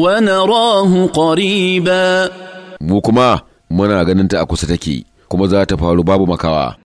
wana ونراه قريبا mu kuma muna ganin ta a kusa take kuma za ta faru babu makawa